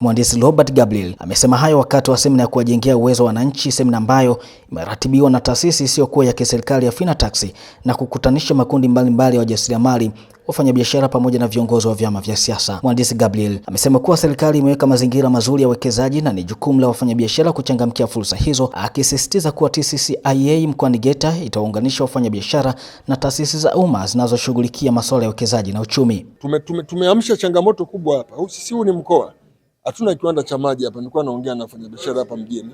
Mhandisi Robert Gabriel amesema hayo wakati wa semina ya kuwajengea uwezo wananchi, semina ambayo imeratibiwa na taasisi isiyokuwa ya kiserikali ya Finatax na kukutanisha makundi mbalimbali ya wajasiriamali wafanyabiashara pamoja na viongozi wa vyama vya siasa. Mhandisi Gabriel amesema kuwa serikali imeweka mazingira mazuri ya uwekezaji na ni jukumu la wafanyabiashara kuchangamkia fursa hizo, akisisitiza kuwa TCCIA mkoani Geita itawaunganisha wafanyabiashara na taasisi za umma zinazoshughulikia masuala ya uwekezaji na uchumi. Tume, tume, tumeamsha changamoto kubwa hapa. Sisi huu ni mkoa hatuna kiwanda cha maji hapa. Nilikuwa naongea na wafanyabiashara hapa mjini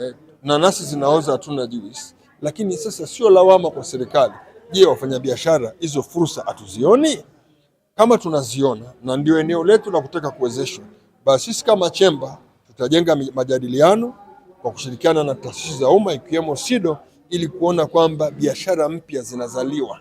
eh, nanasi zinaoza, hatuna juice. Lakini sasa sio lawama kwa serikali. Je, wafanyabiashara hizo fursa hatuzioni? Kama tunaziona na ndio eneo letu la kutaka kuwezeshwa, basi sisi kama chemba tutajenga majadiliano kwa kushirikiana na taasisi za umma ikiwemo SIDO ili kuona kwamba biashara mpya zinazaliwa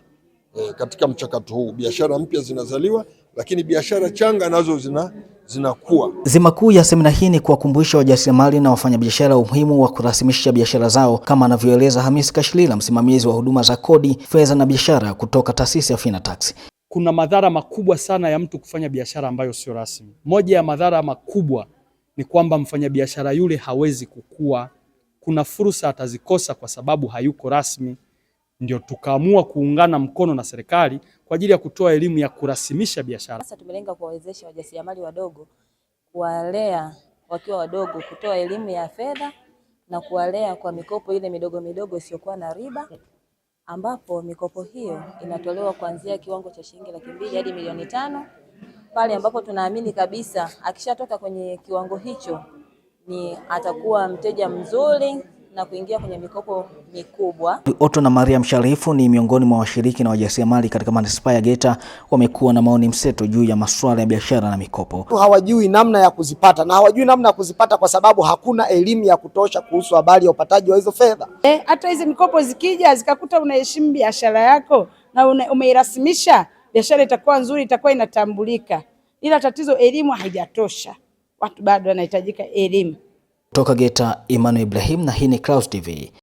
e, katika mchakato huu biashara mpya zinazaliwa, lakini biashara changa nazo zina zinakuwa. Dhima kuu ya semina hii ni kuwakumbusha wajasiriamali na wafanyabiashara umuhimu wa kurasimisha biashara zao, kama anavyoeleza Hamis Kashilila, msimamizi wa huduma za kodi, fedha na biashara kutoka taasisi ya Finatax. Kuna madhara makubwa sana ya mtu kufanya biashara ambayo sio rasmi. Moja ya madhara makubwa ni kwamba mfanyabiashara yule hawezi kukua. Kuna fursa atazikosa kwa sababu hayuko rasmi ndio tukaamua kuungana mkono na serikali kwa ajili ya kutoa elimu ya kurasimisha biashara. Sasa tumelenga kuwawezesha wajasiriamali wadogo, kuwalea wakiwa wadogo, kutoa elimu ya fedha na kuwalea kwa mikopo ile midogo midogo isiyokuwa na riba, ambapo mikopo hiyo inatolewa kuanzia kiwango cha shilingi laki mbili hadi milioni tano pale ambapo tunaamini kabisa akishatoka kwenye kiwango hicho ni atakuwa mteja mzuri na kuingia kwenye mikopo mikubwa. Otto na Mariam Sharifu ni miongoni mwa washiriki na wajasiriamali katika manispaa ya Geita. Wamekuwa na maoni mseto juu ya masuala ya biashara na mikopo. Hawajui namna ya kuzipata na hawajui namna ya kuzipata kwa sababu hakuna elimu ya kutosha kuhusu habari ya upataji wa hizo fedha. E, hata e, hizi mikopo zikija zikakuta unaheshimu biashara yako na umeirasimisha, biashara itakuwa nzuri, itakuwa inatambulika, ila tatizo elimu haijatosha. Watu bado wanahitajika elimu Toka Geta, Emmanuel Ibrahim na hii ni Clouds TV.